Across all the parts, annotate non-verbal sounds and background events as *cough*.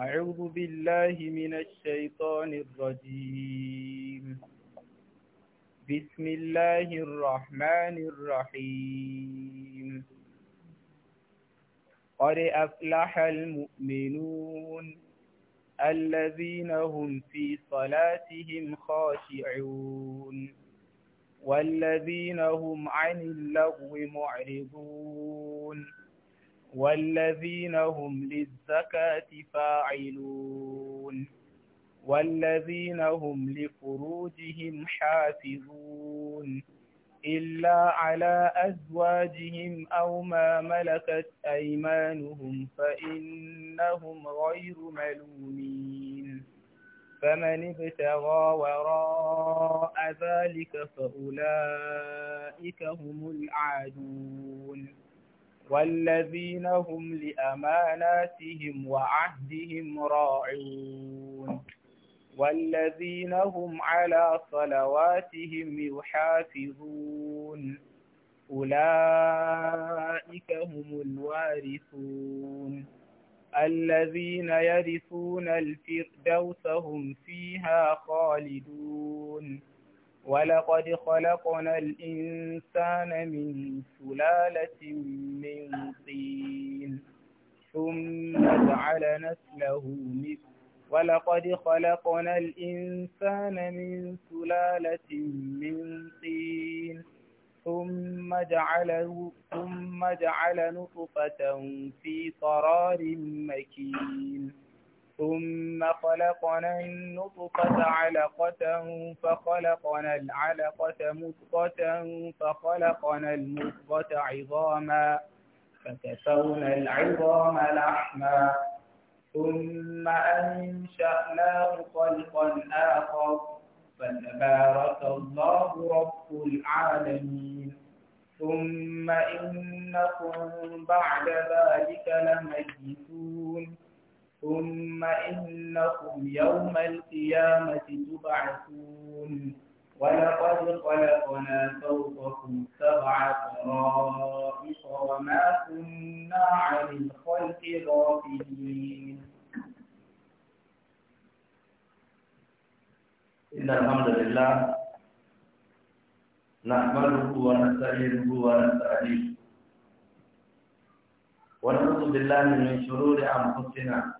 أعوذ بالله من الشيطان الرجيم بسم الله الرحمن الرحيم قد أفلح المؤمنون الذين هم في صلاتهم خاشعون والذين هم عن اللغو معرضون والذين هم للزكاة فاعلون والذين هم لفروجهم حافظون إلا على أزواجهم أو ما ملكت أيمانهم فإنهم غير ملومين فمن ابتغى وراء ذلك فأولئك هم العادون والذين هم لأماناتهم وعهدهم راعون والذين هم على صلواتهم يحافظون أولئك هم الوارثون الذين يرثون الفردوس هم فيها خالدون ولقد خلقنا الإنسان من سلالة من طين ثم جعل نسله من ولقد خلقنا الإنسان من سلالة من طين ثم جعله ثم جعل نطفة في قرار مكين ثم خلقنا النطفة علقة فخلقنا العلقة مضغة فخلقنا المضغة عظاما فكسونا العظام لحما ثم أنشأناه خلقا آخر فتبارك الله رب العالمين ثم إنكم بعد ذلك لميتون ثم إنكم يوم القيامة تبعثون ولقد خلقنا فوقكم سبع طرائق وما كنا عن الخلق غافلين إن الحمد لله نحمده ونستعينه ونستهديه ونعوذ بالله من شرور أنفسنا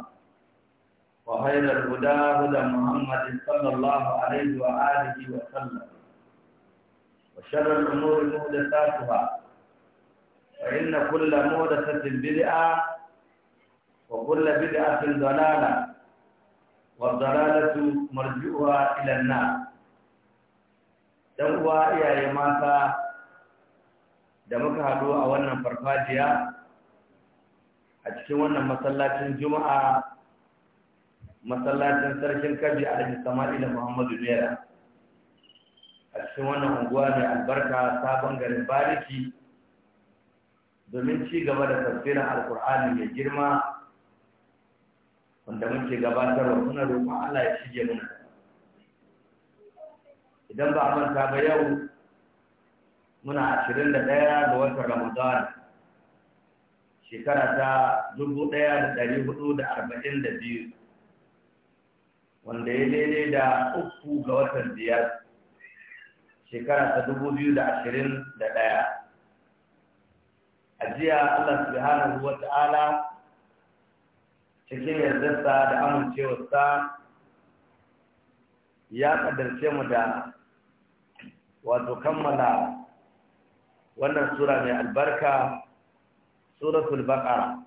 وخير الهدى هدى محمد صلى الله عليه وآله وسلم وشر الأمور محدثاتها فإن كل محدثة بدعة وكل بدعة ضلالة والضلالة مرجوها إلى النار dan uwa iyaye mata da muka haɗu a wannan farfajiya a cikin wannan masallacin juma'a masallacin sarkin kaji alhaji da muhammadu naira a cikin wannan unguwa mai albarka sabon garin bariki domin ci gaba da tafsirin alkur'ani mai girma wanda muke gabatarwa suna roƙon allah ya shige muna idan ba a manta ba yau muna ashirin da ɗaya ga watan ramadan shekara ta dubu ɗaya da ɗari hudu da arba'in da biyu wanda ya daidai da uku ga watan biyar shekara ta dubu biyu da ashirin da ɗaya a jiya allah subhanahu wa ta'ala cikin yardarsa da amincewarsa ya tsadarce mu da wato kammala wannan sura mai albarka suratul baqara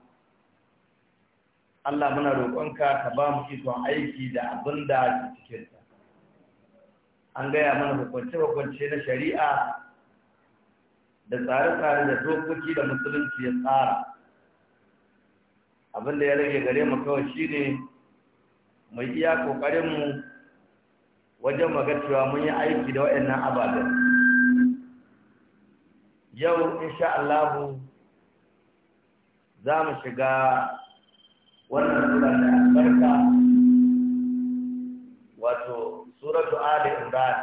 Allah muna roƙonka ka ba mu ikon aiki da abin da ke cikinta an gaya mana hukunce-hukunce na shari'a da tsare-tsare da dokoki da musulunci ya tsara abin da ya rage gare mu kawai shine mai iya ƙoƙarinmu wajen magacewa mun yi aiki da waɗannan ababen yau insha Allahu za mu shiga wannan sura da albarka wato suratu ali imran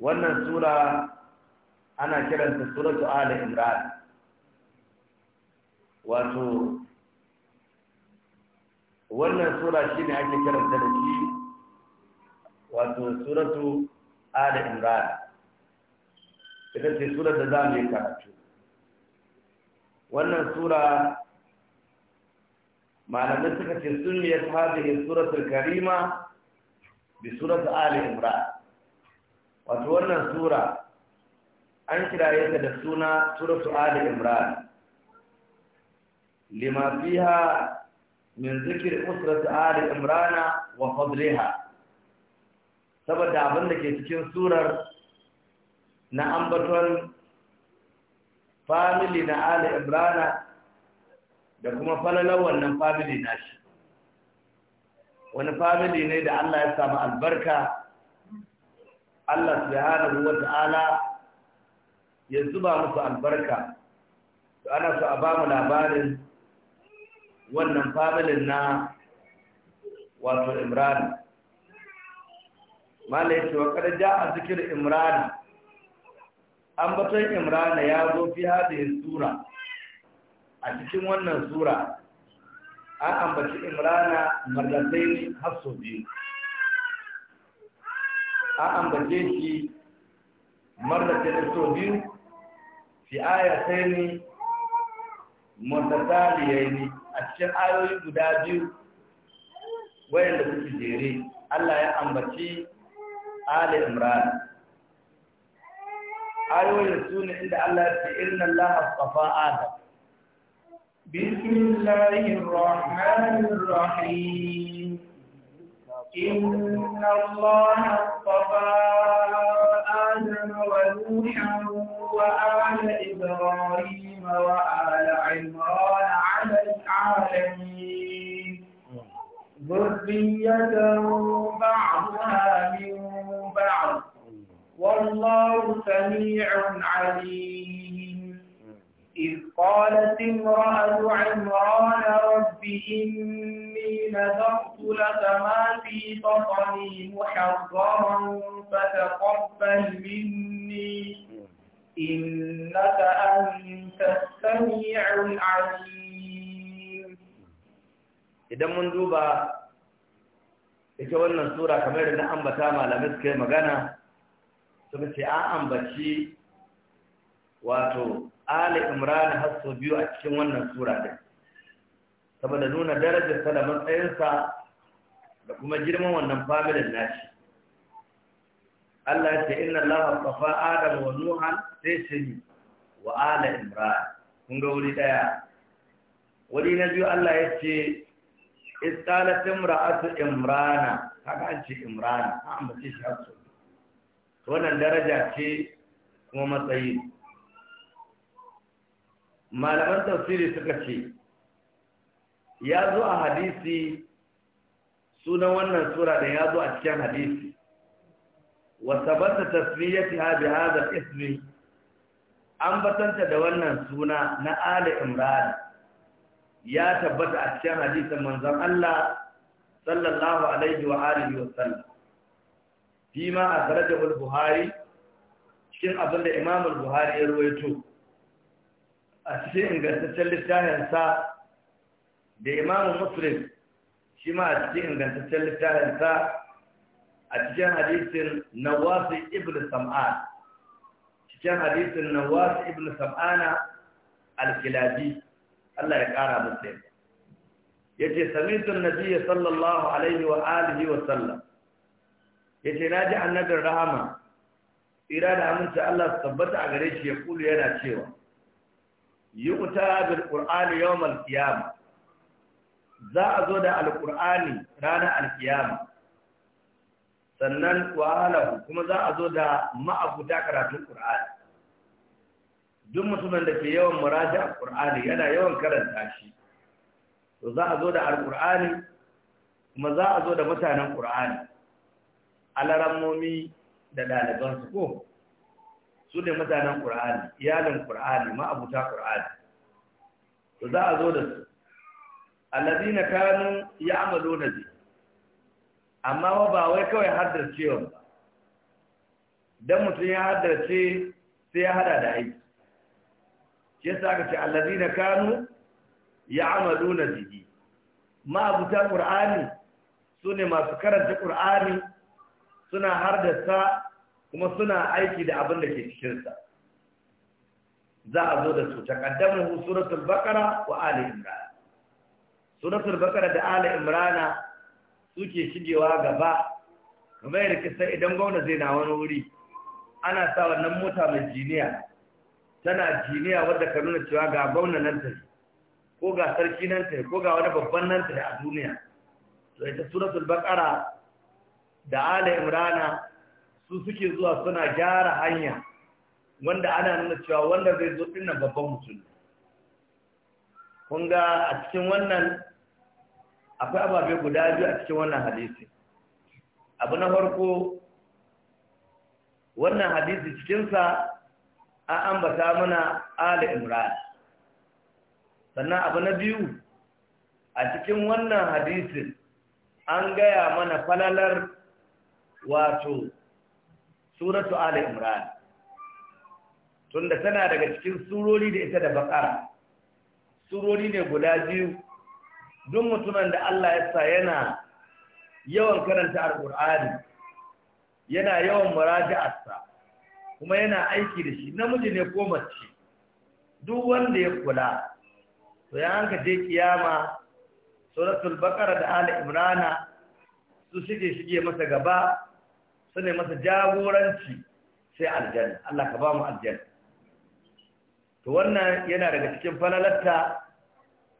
wannan sura ana kiranta suratu ali imran wato wannan sura shine ake kiranta da shi wato suratu ali imran ita ce surar da za mu yi karatu wannan sura malamai suka ce sun yi hadhihi suratul karima bi suratul ali imran wato wannan sura an kira yadda da suna suratu ali imran lima fiha min zikir usratul ali imrana wa fadliha saboda abin da ke cikin surar na ambaton Famili na ali Ibrana da kuma falalar wannan family na shi wani famili ne da Allah ya samu albarka Allah subhanahu wa ta'ala ya zuba musu albarka to ana so a ba mu labarin wannan famili na wato imrana Malai ce, wa kada ja a zikir imrana ambaton imrana ya zo fi yin sura a cikin wannan sura an ambaci imrana marlataini har sau biyu an ambace shi marlataini sau biyu fi ayataini mutataliyaini a cikin ayoyi guda biyu wayanda suke jere Allah ya ambaci Ali Imran ايوه سوني عند الله بإذن الله اصطفى ادم بسم الله الرحمن الرحيم ان الله اصطفى ادم ونوحا وال ابراهيم وال عمران على العالمين ذريه بعضها من بعض والله سميع عليم إذ قالت امرأة عمران رب إني نذرت لك ما في بطني محررا فتقبل مني إنك أنت السميع العليم إذا منذ ita wannan sura kamar da na ambata malamai suka yi magana sun ce an ambaci wato ali imran har sau biyu a cikin wannan sura din saboda nuna darajar sa da matsayinsa da kuma girman wannan familin nashi Allah ce inna Allah tafa Adam wa Nuha sai shi wa ala Imran kun ga wuri daya wuri na biyu Allah ya ce istalat imra'atu Imrana haka an ce Imrana an ambace shi hasu wannan daraja ce kuma matsayi malaman tafsiri suka ce ya zo a hadisi sunan wannan sura da ya zo a cikin hadisi wasabanta tasmiyati ha bi hadha ismi an batanta da wannan suna na ali imran ya tabbata a cikin hadisin manzon Allah sallallahu alaihi wa alihi wa sallam fima a darajar buhari cikin abin da imamul buhari ya ruwaito a cikin ingantaccen littafinsa da imamu muslim shi ma a cikin ingantaccen littafinsa a cikin hadisin nawasu ibn sam'an cikin hadisin nawasu ibn sam'ana alkilabi Allah ya kara musu yace sami an-nabiy sallallahu alaihi wa alihi wa sallam yace na ji annabin rahama Ira da Aminta Allah su tabbata a gare shi ya kulu yana cewa yi wuta bil ƙur'ani yawon qiyama za a zo da Alƙur'ani ranar alkiyama sannan wahalahu kuma za a zo da ma'abuta karatun ƙur'ani, duk mutumin da ke yawan muraja a ƙur'ani yana yawan karanta shi to za a zo da Alƙur'ani kuma za a zo da mutanen ƙur'ani. alarammomi da ɗalibansu ko su ne mutanen ƙur'ani iyalin ƙur'ani ma'abuta ƙur'ani to za a zo da su allazi na kanu ya amalo na amma wa ba wai kawai haddarcewa ba don mutum ya ce sai ya hada da aiki ce sa ka ce allazi na kanu ya amalo na bi ma'abuta ƙur'ani su ne masu karanta ƙur'ani suna hardasa kuma suna aiki da abin da ke cikinsa za a zo da su taqaddamu suratul baqara wa ali imran suratul baqara da ali imran suke shigewa gaba kamar yadda kisa idan gwamna zai na wani wuri ana sa wannan mota mai jiniya tana jiniya wadda ka nuna cewa ga gwamna nan ta ko ga sarki nan ta ko ga wani babban nan ta a duniya to ita suratul baqara da ala imrana su suke zuwa suna gyara hanya wanda ana nuna cewa wanda zai zo ɗin nan babban mutum Kunga a cikin wannan akwai ababe guda biyu a cikin wannan hadisi abu na farko wannan hadisi cikinsa an ambata mana ala imrana sannan abu na biyu a cikin wannan hadisin an gaya mana falalar wato suratu ali imran tunda tana daga cikin surori da ita da bakara surori ne guda biyu duk mutumin da Allah ya sa yana yawan karanta alqur'ani yana yawan muraji'arsa, kuma yana aiki da shi namiji ne ko mace duk wanda ya kula to ya hanka je kiyama suratul baqara da ali imrana su shige shige masa gaba su masa jagoranci sai aljanna Allah ka ba mu aljanna to wannan yana daga cikin falalarta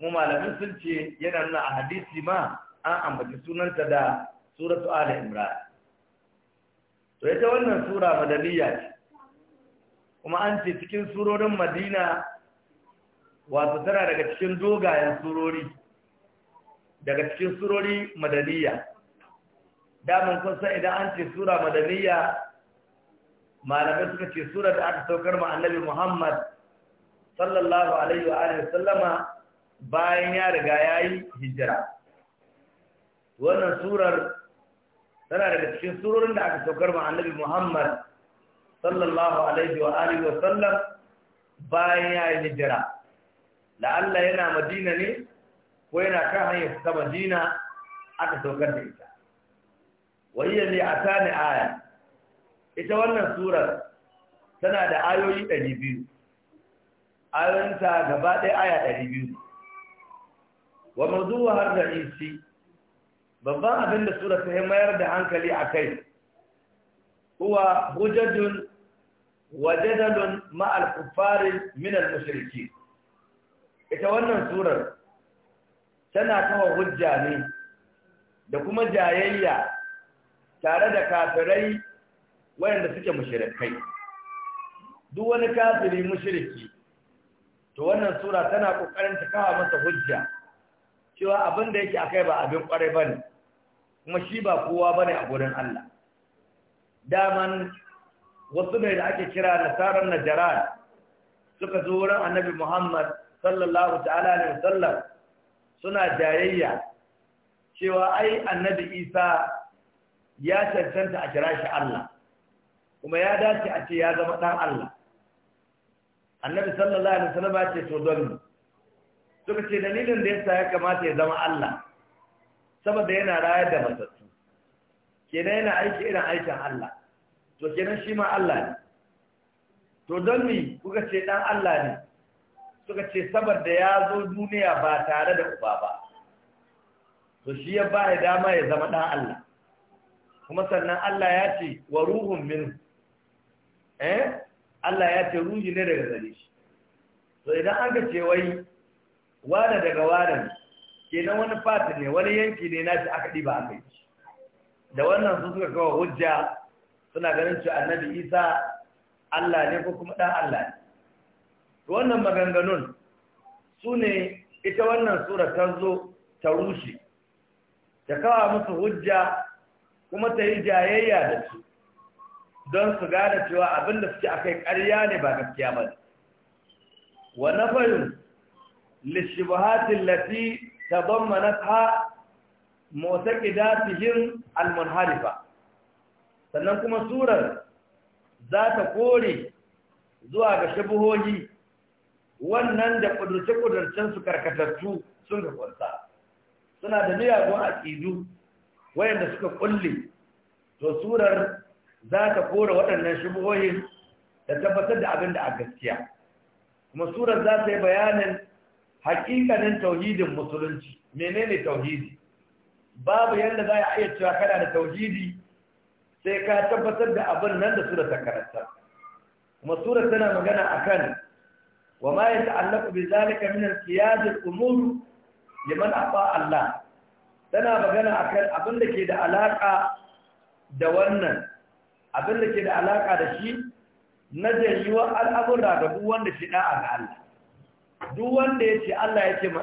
mu malamin sun ce yana nuna a hadisi ma an ambaci sunanta da suratu ala imran to ita wannan sura madaniya ce kuma an ce cikin surorin madina wato tana daga cikin dogayen surori daga cikin surori madaniya damun kusa idan an ce sura madaniya malamai suka ce sura da aka saukar ma annabi muhammad sallallahu alaihi wa alihi sallama bayan ya riga ya yi hijira wannan surar tana daga cikin surorin da aka saukar ma annabi muhammad sallallahu alaihi wa alihi wa sallam bayan ya yi hijira la'alla yana madina ne ko yana kan hanyar ta madina aka saukar da ita wahiyar ne a tani aya ita wannan surar tana da ayoyi ɗari biyu. ayoyinta gaba ɗaya aya ɗari biyu. wa mazuwa har da isi babban abin da surar ta mayar da hankali a kai kuwa hujjajun wajadalun ma'al kufarin minal mashirki ita wannan surar tana kawo hujja ne da kuma jayayya tare da kafirai wayanda suke mushrikai duk wani kafiri mushiriki, to wannan sura tana kokarin ta kawo masa hujja cewa abin da yake akai ba abin kwarai bane kuma shi ba kowa bane a gurin Allah daman wasu ne da ake kira na saran najaran suka zo wurin annabi Muhammad sallallahu ta'ala alaihi wasallam suna jayayya cewa ai annabi Isa ya cancanta a kira shi Allah kuma ya dace a ce ya zama ɗan Allah annabi sallallahu alaihi wasallam ya ce to don mu suka ce dalilin da yasa ya kamata ya zama Allah saboda yana rayar da matattu kenan yana aiki irin aikin Allah to kenan shi ma Allah ne to don ni kuka ce dan Allah ne suka ce saboda ya zo duniya ba tare da uba ba to shi ya ba ya dama ya zama dan Allah kuma sannan Allah ya ce wa ruhun min eh Allah ya ce ruhi ne daga gare shi to idan an ga ce wada daga wada kenan wani fati ne wani yanki ne nashi aka diba aka yi da wannan su suka kawo hujja suna ganin cewa annabi Isa Allah ne ko kuma dan Allah ne to wannan maganganun su ne ita wannan sura ta zo ta rushe ta kawo musu hujja kuma ta yi jayayya da su don su gane cewa abin da suke akai ƙarya ne ba gaskiya ba ne wa nafarin lishibahatin lati ta bambana ta motsa Alman Harifa, sannan kuma surar za ta kore zuwa ga shabuhohi wannan da ƙudurce-ƙudurcen su karkatattu sun ga kwanta suna da miyagun aƙidu wayanda suka kulle to surar za ta kora waɗannan shubuhohin da tabbatar da abin da a gaskiya kuma surar za ta yi bayanin hakikanin tauhidin musulunci menene tauhidi babu yadda za a iya cewa kana da tauhidi sai ka tabbatar da abin nan da surar ta karanta kuma surar tana magana akan wa ma ta'allaku bi zalika min al-qiyad al-umur liman ata Allah tana magana akan abin da ke da alaka da wannan abin da ke da alaka da shi na jayuwar al’abura ga duk wanda shi ɗa'a ga Allah duk wanda ya ce Allah ya ce ma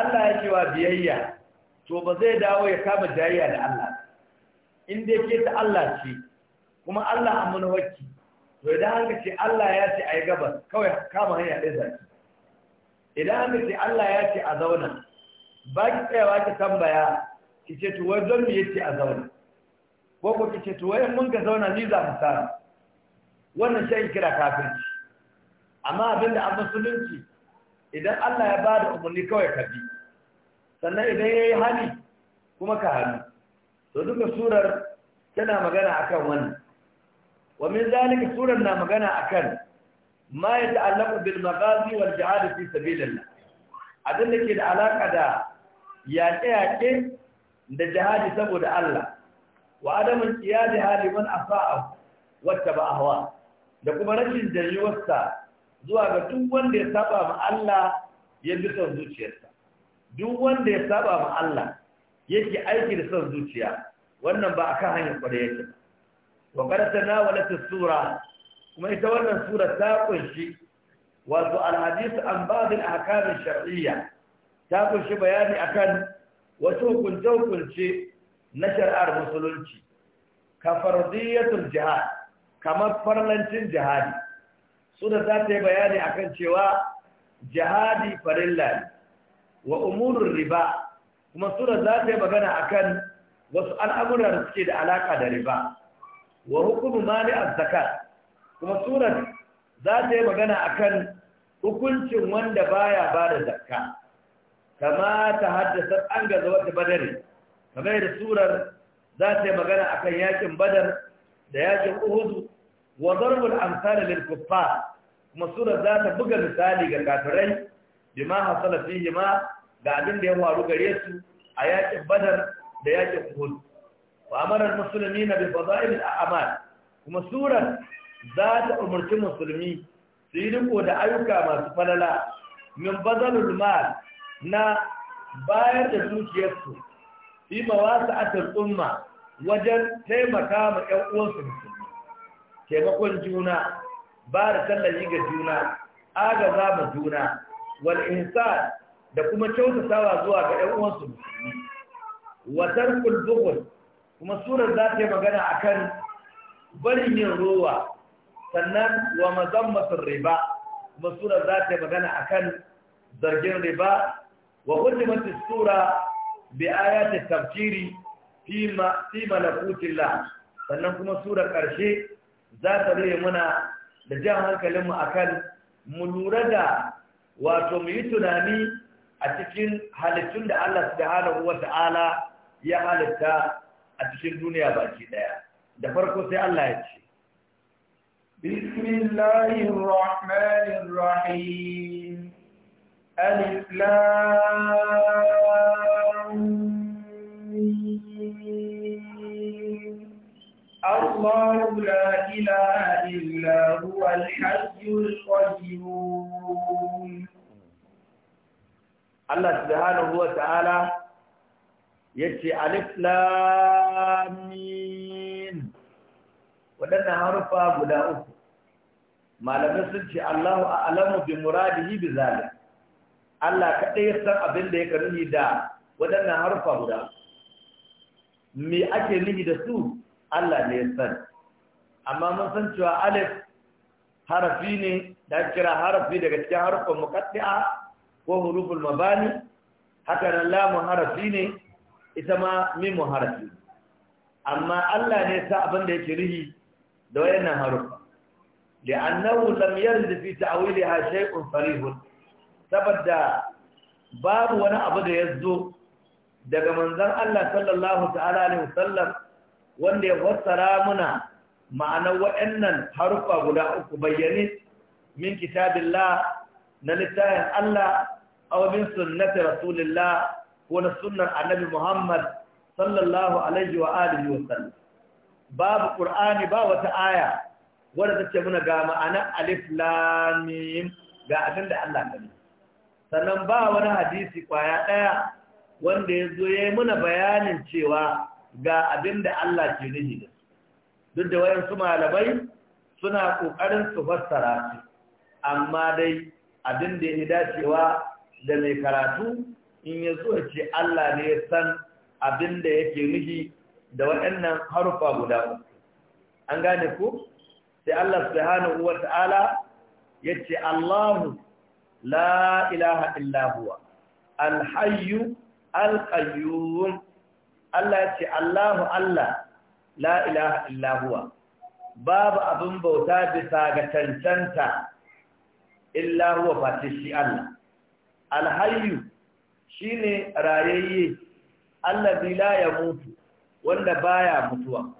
Allah ya ce wa biyayya to ba zai dawo ya kama jayayya da Allah in dai ke ta Allah ce kuma Allah amuna wakki to idan an ce Allah ya ce a yi gabas kawai kama hanya ɗaya zaki idan an ce Allah ya ce a zauna ba ki tsayawa ki tambaya ki ce to wai mu yace a zauna ko ko ki ce to wai mun ka zauna ni za mu samu wannan shi kira kafirci amma abinda a musulunci idan Allah ya bada umarni kawai ka bi sannan idan yayi hali kuma ka hali to duka surar tana magana akan wannan wa min zalika surar na magana akan ma yata'allaqu bil maghazi wal jihad fi sabilillah abin da ke da alaka da yaƙe-yaƙe da jihadi saboda Allah wa adamin hali haliman asa'a wata ba ahwa da kuma rashin jayuwarsa zuwa ga duk wanda ya saba ma Allah ya bi son zuciyarsa duk wanda ya saba ma Allah yake aiki da son zuciya wannan ba akan hanyar kware yake wa na wa as-sura kuma ita wannan sura ta ƙunshi, wato al-hadith an ba'd al-ahkam ash-shar'iyya ta kunshi bayani akan wasu hukunce-hukunce na shari'ar musulunci ka fardiyatul jihad kamar farlancin jihadi suna za ta yi bayani akan cewa jihadi farilla wa umurun riba kuma suna za ta yi magana akan wasu al'amuran da suke da alaka da riba wa hukumu mali zakat kuma suna za ta yi magana akan hukuncin wanda baya ba da zakka kama ta haddasa an gaza wata badari kamar yadda surar za ta yi magana akan yakin badar da yakin uhudu wa zarbul amsal lil kuffar kuma surar za ta buga misali ga kafirai bima hasala fihi ma ga abin da ya faru gare su a yakin badar da yakin uhud wa amara al bi fada'il al kuma surar za ta umarci musulmi su yi riko da ayyuka masu falala min bazalul mal na bayar da dukiyarsu fi mawasa atar umma wajen taimaka ma ƴan uwansu musulmi taimakon juna ba da tallafi ga juna agaza ma juna wal insan da kuma kyautatawa zuwa ga ƴan uwansu musulmi wa tarkul kuma surar za ta yi magana akan barin yin rowa sannan wa mazammatur riba kuma surar za ta yi magana akan zargin riba وختمت السورة بآيات التفجير فيما في ملكوت الله sannan kuma sura ƙarshe za ta zai muna da jan hankalinmu a kan mu lura da wato mu yi tunani a cikin halittun da Allah subhanahu wa ta'ala ya halitta a cikin duniya baki daya da farko sai Allah ya ce bismillahir rahmanir rahim Alif Lami arhoro guda ruwa ta yi huwa ta'ala ya ce Alif Lami. Waɗannan haruffa guda uku. Malamin sun ce Allahu, alamu bi muradi, bi zaɓe. Allah kaɗai ya san abin da ya karni da waɗannan harfa guda me ake nihi da su Allah ne ya san amma mun san cewa alif harafi ne da kira harafi daga cikin harfin muqaddi'a ko huruful mabani haka nan lamun harafi ne ita ma mimu harafi amma Allah ne sa abin da yake rihi da wayannan harufa li'annahu lam yarid fi ta'wiliha shay'un sarihun saboda babu wani abu da ya zo daga manzan Allah sallallahu ta'ala alaihi wasallam wanda ya fassara muna ma'anar waɗannan harufa guda uku bayyane min kitabillah na littafin Allah aw min sunnati rasulillah ko na sunnar annabi Muhammad sallallahu alaihi wa alihi wasallam babu ƙurani ba wata aya wadda ce muna ga ma'ana alif lam mim ga abinda Allah gani. sannan ba wani hadisi kwaya ɗaya wanda ya zo ya yi muna bayanin cewa ga abin da Allah ke nihi da su duk da wayansu malamai suna ƙoƙarin su fassara su amma dai abin da ya dacewa da mai karatu in ya zo ce Allah ne ya san abin da yake nihi da waɗannan harufa guda uku an gane ku sai Allah subhanahu ya yace Allahu la ilaha illa huwa alhayyu alqayyum Allah ya ce Allahu Allah la ilaha illa babu abin bauta bisa ga cancanta illa huwa fati shi Allah alhayyu shine rayayye allazi la mutu wanda baya mutuwa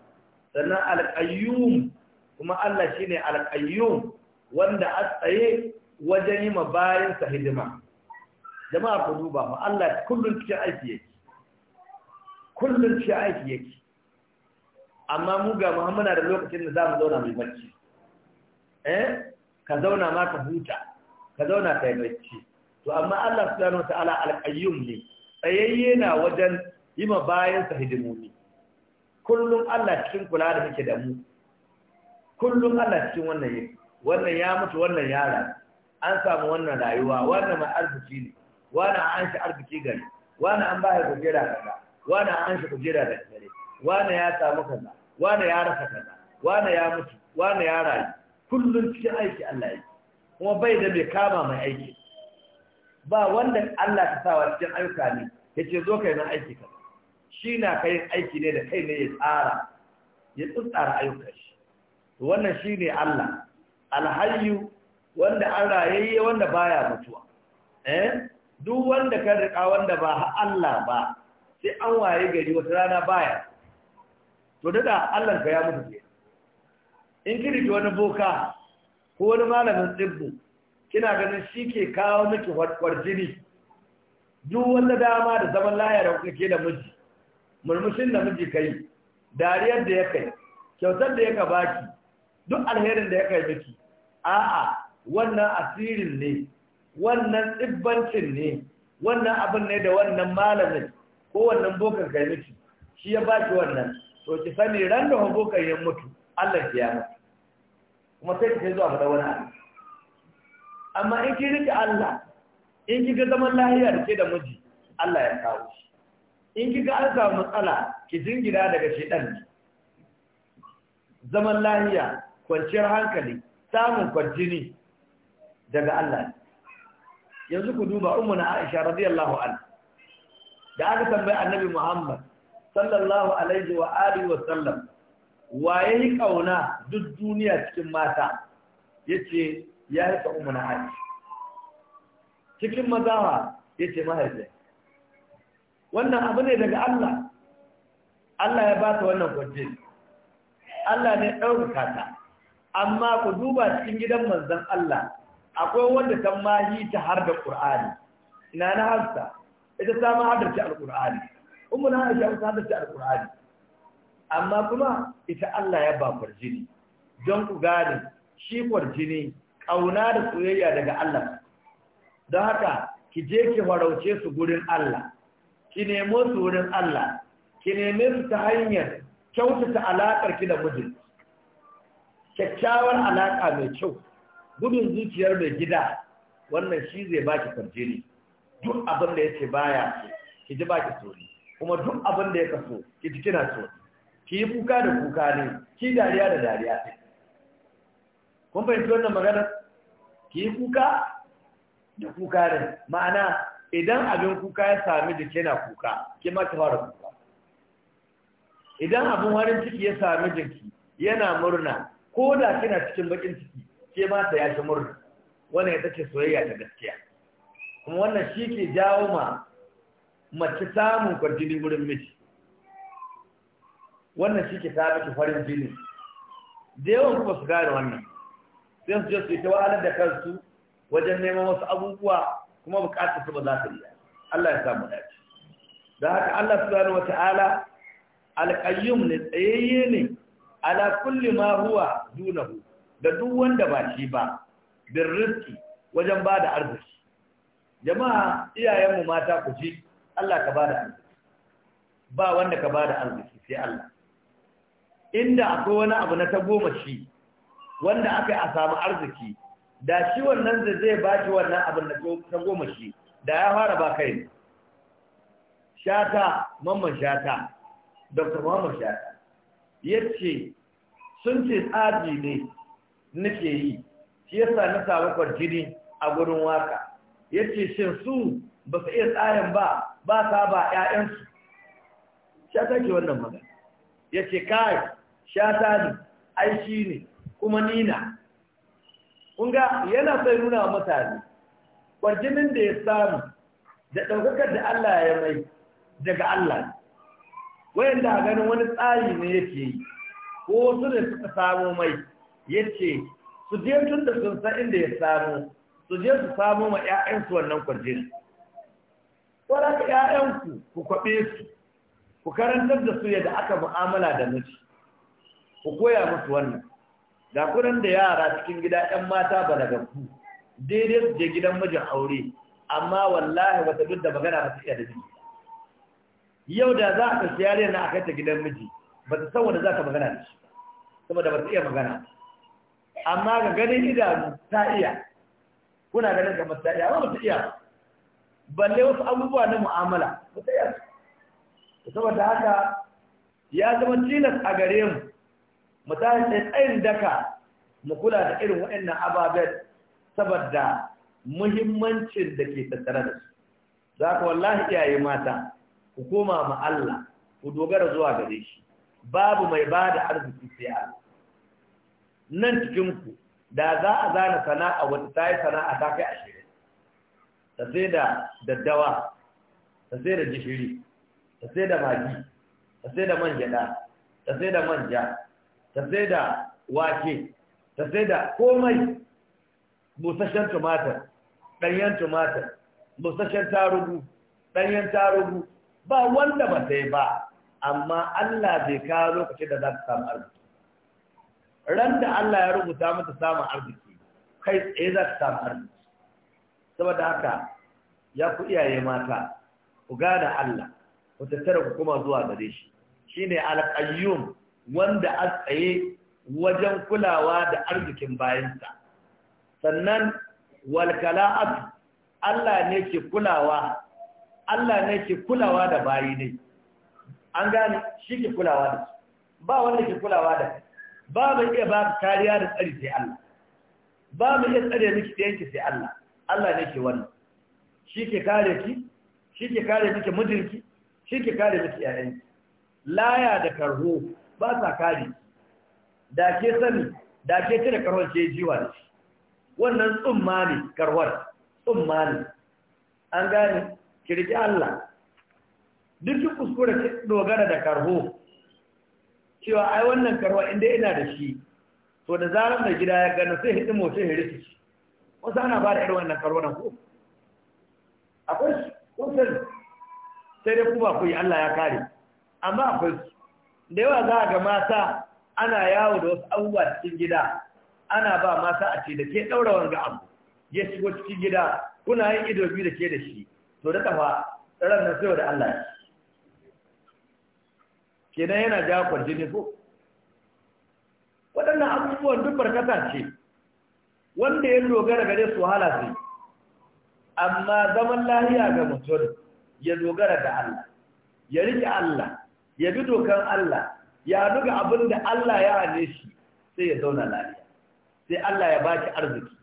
sannan alqayyum kuma Allah shine alqayyum wanda a tsaye wajen yi ma bayansa hidima jama'a ku duba ma Allah kullum cikin aiki yake kullum cikin aiki yake amma mu ga muhammadu da lokacin da za mu zauna mai bacci eh ka zauna ma ka huta ka zauna ka yi bacci to amma Allah subhanahu Ta'ala alqayyum ne tsayayye na wajen yi ma bayansa hidimomi kullum Allah cikin kula da muke da mu kullum Allah cikin wannan yake wannan ya mutu wannan rasu an samu wannan rayuwa wannan mai arziki ne Wani an shi arziki gari Wani an baya kujera kaza wani an shi kujera da kare Wani ya samu kaza Wani ya rasa kaza Wani ya mutu Wani ya rayu kullum cikin aiki Allah yake kuma bai da mai kama mai aiki ba wanda Allah ta sawa cikin ayyuka ne yace zo kai na aiki ka shi na kai aiki ne da kai ne ya tsara ya tsara ayyukan shi wannan shine Allah alhayyu wanda an rayayye wanda baya mutuwa eh duk wanda ka riƙa wanda ba Allah ba sai an waye gari wata rana baya to daga Allah ka ya mutu ke in ki wani boka ko wani malamin tsibbu kina ganin shi ke kawo miki warjini duk wanda dama da zaman laya da da miji murmushin da miji kai dariyar da ya kai kyautar da ya baki duk alherin da ya kai miki a'a wannan asirin ne wannan tsibbancin ne wannan abin ne da wannan malamin ko wannan bokan kai miki shi ya baki wannan to ki sani ran da bokan ya mutu Allah ya mutu kuma sai ki zuwa ga wani abu amma in ki rike Allah in ga zaman lahiya da ke da miji Allah ya kawo shi in ga an samu matsala ki jingina daga shedan zaman lahiya kwanciyar hankali samun kwajini daga Allah yanzu ku duba ummu na Aisha radiyallahu anha da aka tambaye annabi Muhammad sallallahu alaihi wa alihi wa sallam waye yi kauna duk duniya cikin mata yace ya rika ummu na Aisha cikin mazawa yace mahaifi wannan abu ne daga Allah Allah ya ba ta wannan kwaje Allah ne ɗaukaka ta amma ku duba cikin gidan manzon Allah akwai wanda ta mahi ta har da ƙur'ani ina na harsa ita ta ma ta alƙur'ani umu na harshe ta ta alƙur'ani amma kuma ita Allah ya ba kwarjini don ku gane shi kwarjini ƙauna da soyayya daga Allah don haka ki je ki farauce su gurin Allah ki nemo su wurin Allah ki neme su ta hanyar kyautata alaƙar ki da mijin kyakkyawar alaƙa mai kyau gudun zuciyar mai gida wannan shi zai baki kwarjini duk abin da yake baya so ki ji baki so kuma duk abin da yake so ki ji kina so ki yi kuka da kuka ne ki dariya da dariya ce kun fahimci wannan magana ki yi kuka da kuka ne ma'ana idan abin kuka ya sami da kina kuka ki ma ki fara kuka idan abin warin ciki ya sami jinki yana murna ko da kina cikin bakin ciki ke ma ta yashi murna wannan ya ce soyayya ta gaskiya kuma wannan shi ke jawo ma mace samun kwarjini wurin miji wannan shi ke ta ki farin jini da yawan kuma su gane wannan sai su je su yi ta wahalar da kansu wajen neman wasu abubuwa kuma bukatar su ba za su yi Allah ya samu dace da haka Allah subhanahu wata'ala alqayyum ne tsayayye ne ala kulli ma huwa dunahu da duk wanda ba shi ba bin riski wajen ba da arziki jama'a iyayenmu mata ku ji Allah ka ba da arziki ba wanda ka ba da arziki sai Allah inda akwai wani abu na ta goma shi wanda aka yi a samu arziki da shi wannan da zai ba shi wannan abin da ta goma shi da ya fara ba kai ne shata mamman shata dr mamman shata ya ce sun ce tsaji ne nake yi shi yasa na samu kwarjini a gurin waka yace shin su ba su iya tsarin ba ba sa ba ƴaƴansu shata ke wannan magana yace kai shata ne ai shi ne kuma nina kun ga yana sai nuna wa mutane kwarjinin da ya samu da ɗaukakar da Allah ya mai daga Allah wayanda a ganin wani tsari ne yake yi ko wasu ne suka samu mai ya ce su je tun da sun san inda ya samu su je su samu ma 'ya'yansu wannan kwarjini wadda ka 'ya'yanku ku kwaɓe su ku karantar da su yadda aka mu'amala da miji ku koya musu wannan ga kunan da yara cikin gida 'yan mata balagaggu daidai su je gidan mijin aure amma wallahi wata duk da magana ba su iya da ji yau da za a ɗauki yariyar na a kai ta gidan miji ba ta san wanda za ka magana da shi saboda ba su iya magana amma ga ganin idanu ta iya kuna ganin kamar ta iya ba ta iya balle wasu abubuwa na mu'amala ba ta iya saboda haka ya zama tilas a gare mu mu tashi tsayin daka mu kula da irin waɗannan ababen saboda muhimmancin da ke tattare da su za ka wallahi iyaye mata ku koma ma Allah ku dogara zuwa gare shi babu mai bada arziki sai Allah nan cikinku da za a zana sana'a wata ta yi sana'a ta kai ashirin ta sai da daddawa ta sai da gishiri ta sai da magi ta sai da man gyada ta sai da manja ta sai da wake ta sai da komai busasshen tumatir ɗanyen tumatir busasshen tarugu ɗanyen tarugu ba wanda ba sai ba amma Allah bai kawo lokacin da za ka samu arziki ran da Allah ya rubuta mata samun arziki kai tsaye za ta samu arziki saboda haka ya ku iyaye mata ku gane Allah ku tattara ku kuma zuwa gare shi shine alqayyum wanda a tsaye wajen kulawa da arzikin bayansa sannan wal kala'at Allah ne ke kulawa Allah ne ke kulawa da bayi ne an gane shi ke kulawa da ba wanda ke kulawa da ba mu iya ba ka kariya da tsari sai Allah ba mu iya tsare miki da yanki sai Allah Allah ne ke wannan shi ke kare ki shi ke kare miki mijinki shi ke kare miki yayanki laya da karho ba sa kare da ke sani da ke cire karhon ke jiwa da shi wannan tsumma ne karwar tsumma ne an gane ki riƙi Allah duk kuskure ki dogara da karho cewa ai wannan karwa inda ina da shi to da zarar da gida ya gano sai hidimo sai hirisi shi wasu ana ba da irin wannan karwa nan ko akwai kusan sai dai kuma ku yi Allah ya kare amma akwai su da yawa za ga mata ana yawo da wasu abubuwa cikin gida ana ba mata a ce da ke ɗaura wanga abu ya shigo cikin gida kuna yin ido biyu da ke da shi to da kafa tsaron na sai da Allah ya kenan yana jawo kwarjini ko waɗannan abubuwan duk barkata ce wanda ya dogara gare su wahala sai amma zaman lahiya ga mutum ya dogara da Allah ya rike Allah ya bi dokan Allah ya duga abin da Allah ya ane shi sai ya zauna lafiya sai Allah ya baki arziki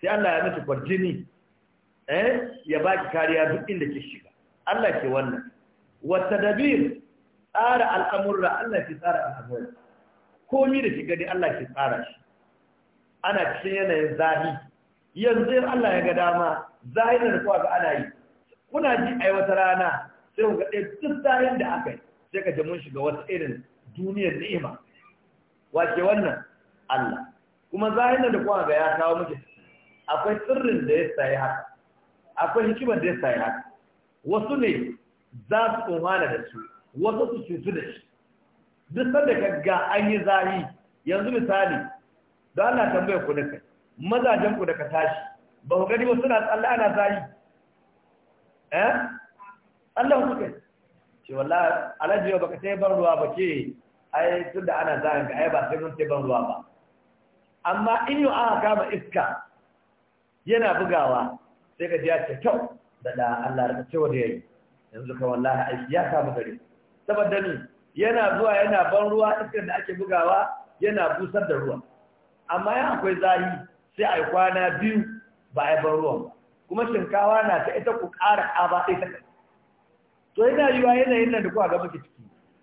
sai Allah ya miki kwarjini eh ya baki kariya duk inda ki shiga Allah ke wannan wata dabir tsara al'amurra Allah ke tsara al'amurra komi da shi gani Allah ke tsara shi ana cikin yanayin zahi yanzu yin Allah ya ga dama zahi da kuwa ga ana yi kuna ji a wata rana sai ku ɗaya duk zahin da aka yi sai ka jamun shiga wata irin duniyar ni'ima wace wannan Allah kuma zahirar da kuwa ga ya kawo muke akwai sirrin da ya sayi haka akwai hikimar da ya sayi haka wasu ne za su kuma da su wasu su cutu da shi duk sanda gagga an yi zahi yanzu misali don Allah tambayar ku da kai mazajen ku da ka tashi ba ku gani ba suna tsalle ana zahi eh Allah ku kai ce wallahi alaji ba ka sai ban ruwa ba ke ai tunda ana zahin ka ai ba sai mun sai ban ruwa ba amma in yi aka kama iska yana bugawa sai ka ji ya ce kyau da da Allah da cewa da yayi yanzu ka wallahi aiki ya kama gari saboda ni yana zuwa yana ban ruwa iskar da ake bugawa yana busar da ruwa amma ya akwai zahi sai a yi kwana biyu ba a yi ban ruwa. kuma shinkawa na ta ita ku ƙara ƙaba ɗaya ta kai to yana yiwa yanayin nan da kuka ga muke ciki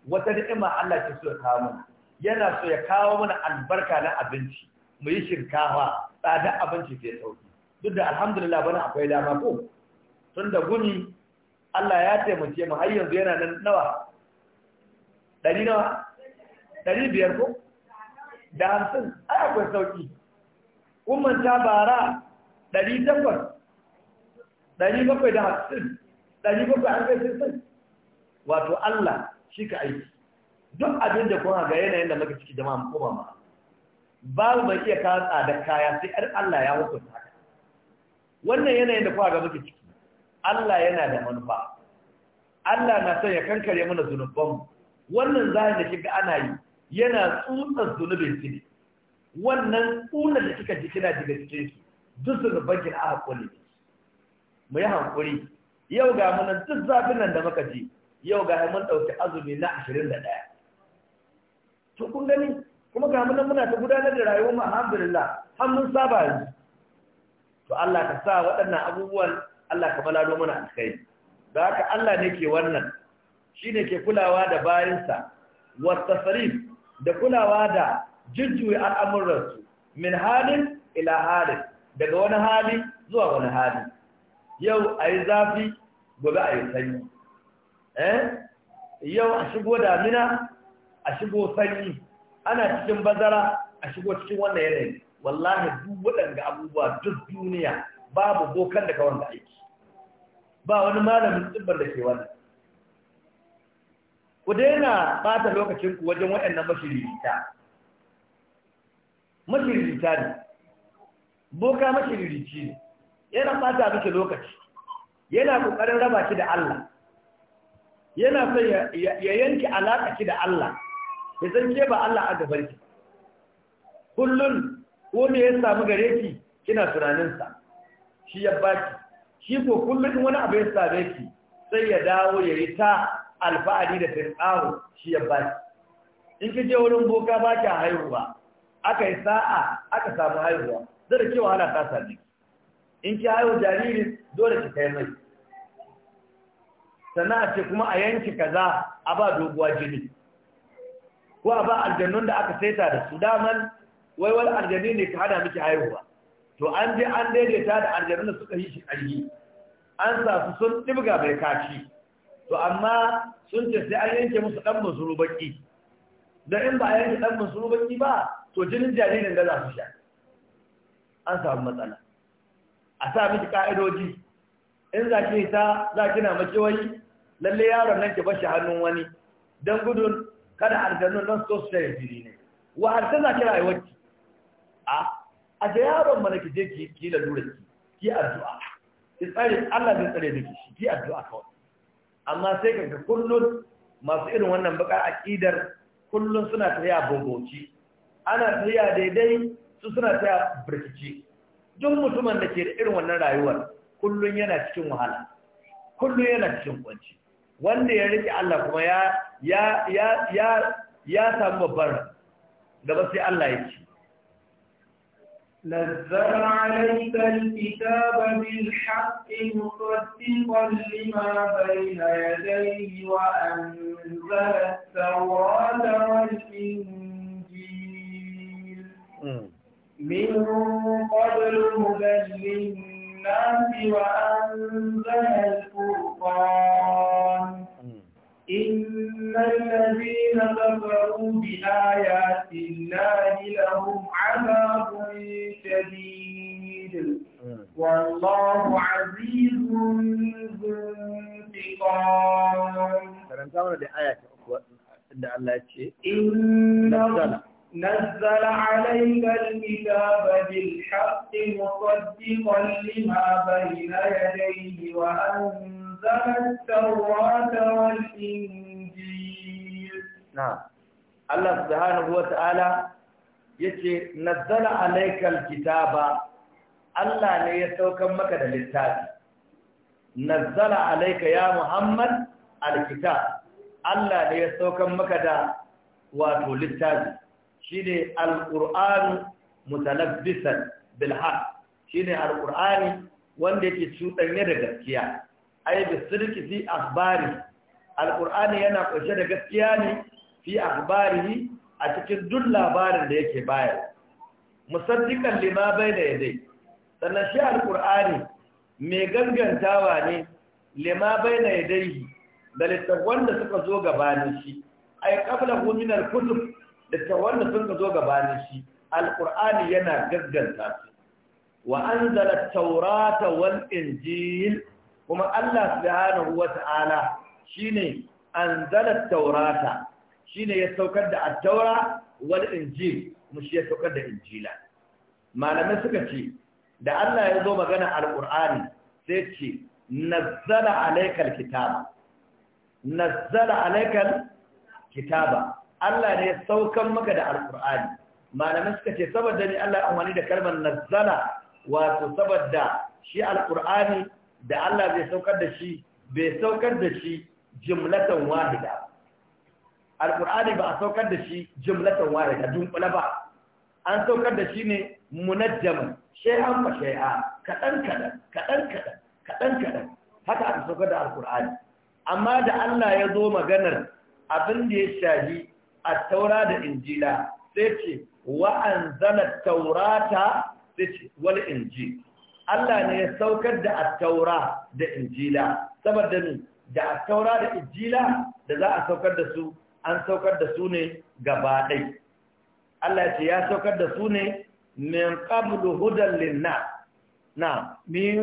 wata ni'ima Allah ke so ya kawo mana yana so ya kawo mana albarka na abinci mu yi shinkawa tsada abinci ke sauki duk da alhamdulillah bana akwai dama ko tun da gumi Allah ya taimake mu har yanzu yana nan nawa ɗari nawa ɗari biyar ko da hamsin ai akwai sauƙi umar ta bara ɗari takwas ɗari bakwai da hamsin ɗari bakwai an kai sirsin wato allah shi ka aiki duk abin da kuma ga yanayin da muka ciki jama'a kuma ma babu mai iya kawo da kaya sai ɗan allah ya hukunta haka wannan yanayin da kuma ga maka ciki allah yana da manufa allah na son ya kankare mana zunubanmu wannan zahin da kika ana yi yana tsutsar zunubin ki wannan ƙunar da kika ji kina daga cikin shi, duk su ki na hakuri mu yi hakuri yau ga mun duk zafin nan da muka ji yau ga mun ɗauki azumi na ashirin da ɗaya to kun gani kuma ga mun muna ta gudanar da rayuwar mu alhamdulillah har mun saba yanzu to Allah ka sa waɗannan abubuwan Allah ka balado mana alkhairi da haka Allah ne ke wannan shi ne ke kulawa da bayansa والتصريف da kulawa da jujjuya al'amuransu min halin ila halin daga wani hali zuwa wani hali yau a yi zafi gobe a yi sanyi eh? yau a shigo damina a shigo sanyi ana cikin bazara a shigo cikin wannan yanayi wallahi duk waɗanda abubuwa duk duniya babu bokan daga wanda aiki ba wani malamin tsibbar da ke wannan ku daina bata ku wajen waɗannan mashiririta mashiririta ne boka mashiririci ne yana bata miki lokaci yana ƙoƙarin raba ki da Allah yana son ya yanki alaƙa ki da Allah ya san ke ba Allah a gabar ki kullun ko me ya samu gare ki kina tunaninsa shi ya baki shi ko kullun wani abu ya same ki sai ya dawo ya yi ta alfahari da fir'ahu shi ya ba in ki je wurin boka ba ki haihuwa aka yi sa'a aka samu haihuwa zai ke wahala ta sami in ki haihu jariri dole ki kai mai Sana'a ce kuma a yanki kaza a ba doguwa jini ko a ba aljannun da aka saita da su daman wai wani ne ka hada miki haihuwa to an je an daidaita da aljannun da suka yi shi ƙarfi an sa su sun ɗibga mai kaci to amma sun ce sai an yanke musu ɗan musuru da in ba a yanke ɗan musuru ba to jinin jaririn da za su sha an samu matsala a sa miki ka'idoji in za ki ta za ki na makewayi lalle yaron nan ki bashi hannun wani don gudun kada aljannun nan su su shaya jiri ne wa harshen za ki ki a a da yaron mana ki je ki yi lura ki ki addu'a ki tsare Allah zai tsare miki shi ki addu'a kawai amma sai kaga kullun masu irin wannan baka aqidar kullun suna tafiya bongoci ana tafiya daidai su suna tafiya birkici duk mutumin da ke da irin wannan rayuwar kullun yana cikin wahala kullun yana cikin kwanci wanda ya rike Allah kuma ya ya ya ya samu babbar gaba sai Allah ya ci نزل عليك الكتاب بالحق مصدقا لما بين يديه وأنزل التوراة والإنجيل من قبل هدى للناس وأنزل الفرقان إن الذين كفروا بآياتنا Allah subhanahu wa ta'ala ce nazzala alaykal kitaba Allah ne ya saukan maka da littafi nazzala alayka ya Muhammad al'kita. Allah ne ya saukan maka da wato littafi shine alqur'anu mutalabbisan bil Shi shine Al'ur'ani wanda yake cudanye da gaskiya ai bi sirki fi akhbari yana kunshe da gaskiya ne fi akhbarihi a cikin duk labarin da yake bayar musaddikan lima bayna yadayhi sannan shi alqur'ani mai gangantawa ne lima bayna yadayhi da littafan da suka zo gabanin shi ay qablahu min al da littafan da suka zo gabanin shi Alƙur'ani yana gagganta su wa anzala at-taurata wal injil kuma Allah subhanahu shi shine anzala at-taurata shine ya saukar da attaura wal injil kuma shi ya saukar da injila malamai suka ce da Allah ya zo magana alqur'ani sai ce nazzala alaykal kitaba nazzala alaykal kitaba Allah ne ya saukar maka da alqur'ani malamai suka ce saboda ni Allah ya amfani da kalmar nazzala wato saboda shi alqur'ani da Allah zai saukar da shi bai saukar da shi jumlatan wahida ba. Alƙur'ani ba a saukar da shi jimlatan ware da dunkula ba an saukar da shi ne munajjaman shay'an ba shay'a kadan kadan kadan kadan kadan kadan haka aka saukar da Alƙur'ani. amma da Allah ya zo maganar abin da ya shahi at-taura da injila sai ce wa anzala taurata sai ce wal injil Allah ne ya saukar da at-taura da injila saboda ni da at-taura da injila da za a saukar da su an saukar da su ne gaba ɗai. Allah ce ya saukar da su ne min ƙablu hudan linna. Na, min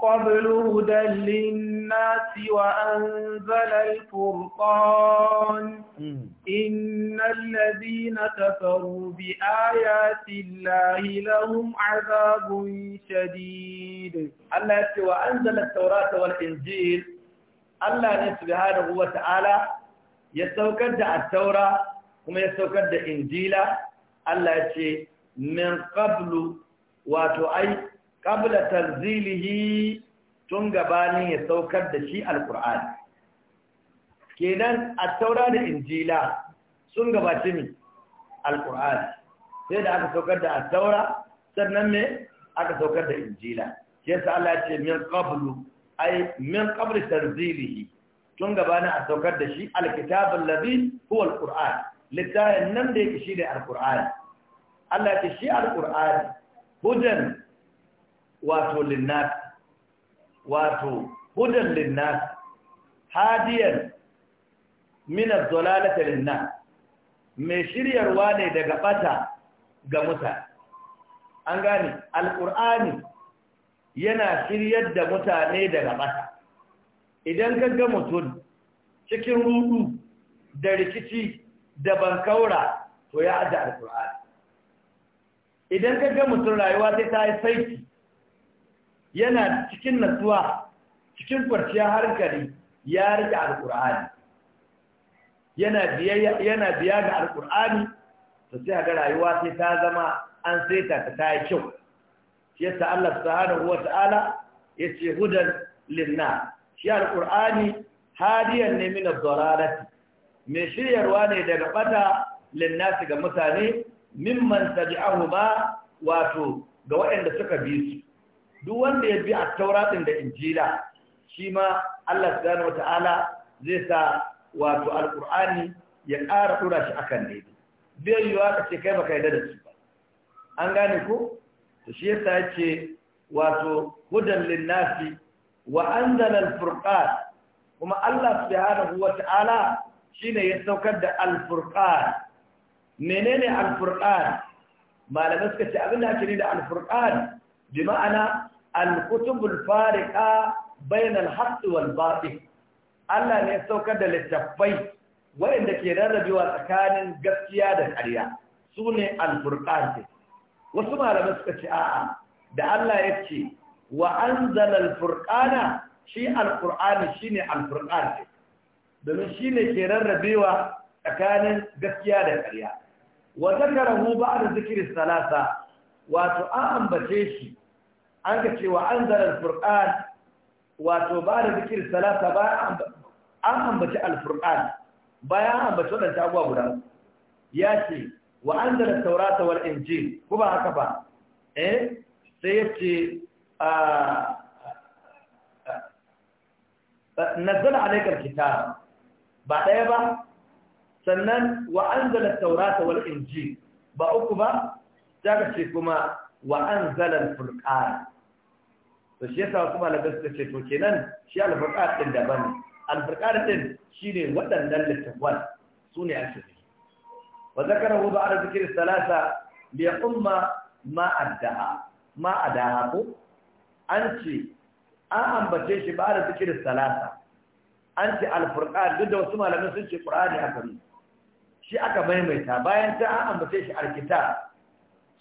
ƙablu hudan linna siwa an zalar turkon hmm. inan lazi na tasaru bi ayatin lahilahun azagun shadidin. Allah ya ce an zalar taurata wal inji. Allah ne su bi haɗa wata ya saukar da attaura kuma ya saukar da injila Allah ya ce min qablu wato ai qabla tanzilihi tun gabanin ya saukar da shi alqur'ani kenan attaura da injila sun gabace mi alqur'ani sai da aka saukar da attaura sannan me aka saukar da injila sai Allah ya ce min qablu ai min qabli tanzilihi tun gabanin a saukar da shi alkitabul ladhi ko alquran littafin nan da yake shine alqur'ani Allah ce shi alqur'ani hudan wato linnas wato hudan linnas hadiyan min az-zalalati mai shiryarwa ne daga bata ga mutan. an gane Alƙur'ani yana shiryar da mutane daga bata idan ka ga mutum cikin rudu da rikici da bankaura to ya ajiye alkur'ani idan ka ga mutum rayuwa sai ta yi saiki yana cikin natsuwa cikin kwarciya harkari ya rike alkur'ani yana biya ga alkur'ani to sai ga rayuwa sai ta zama an saita ta ta yi kyau yadda Allah subhanahu wa ta'ala ya ce hudan linna shi qurani hadiyan ne min ad mai shiryarwa ne daga bata linnasi ga mutane mimman tabi'ahu ba wato ga waɗanda suka bi su duk wanda ya bi a tauratin da injila shi ma Allah subhanahu wataala zai sa wato alqur'ani ya ƙara tura shi akan ne bai yiwa ka ce kai baka yarda da su ba an gane ko to shi yasa yace wato hudan linnasi wa anzala al-furqan kuma Allah subhanahu wata'ala shine ya saukar da al-furqan menene al-furqan suka ce abin da ake ne da al-furqan bi ma'ana al-kutub al-fariqa Allah ne ya saukar da littattafai, waɗanda ke rarrabewa tsakanin gaskiya da ƙarya su ne al-furqan wasu malamai suka ce a'a da Allah ya ce wa anzala al-furqana shi al-qur'ani shine al-furqan domin ne ke rarrabewa tsakanin gaskiya da ƙarya wa zakarahu da zikri salasa wato an ambace shi an ka ce wa anzala al-furqan wato da zikri salasa ba an ambace al-furqan an ambace wadanda abuwa guda ya ce wa anzala at-taurata wal injil kuma haka ba eh sai ya ce. nazzala alaikar kitab ba ɗaya ba sannan wa an zala inji ba uku ba ta ce kuma wa an zala furƙar to shi yasa wasu malabar suka ce to kenan shi alfurƙar ɗin daban ne alfurƙar ɗin shi ne waɗannan littattafan su ne ake ne wa zakara hu ba da salasa liya umma ma addaha ma ko an ce an ambace shi ba da salasa an ce alfurqan duk da wasu malamin sun ce qur'ani aka ne shi aka maimaita bayan ta an ambace shi alkitab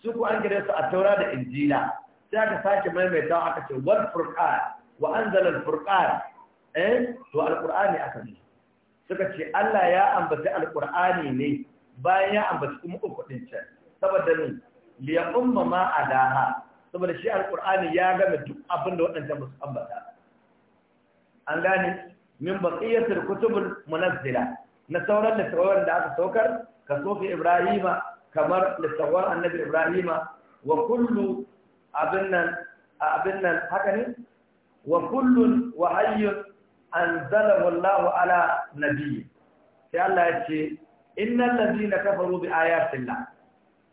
su ku an gare su a taura da injila sai aka sake maimaita aka ce wal furqan wa anzala al eh to alqur'ani aka ne suka ce Allah ya ambaci Alkur'ani ne bayan ya ambaci kuma uku din can saboda ni liya umma ma adaha saboda shi Alƙur'ani ya gama duk abin da waɗancan musu ambata an gane min baqiyatil kutubul munazzila na sauran littattafan da aka saukar ka sofi ibrahima kamar littattafan annabi ibrahima wa kullu abin nan abin nan haka ne wa kullun wa hayyun anzalahu Allahu ala nabiyyi sai Allah ya ce innal ladina kafaru bi ayatillah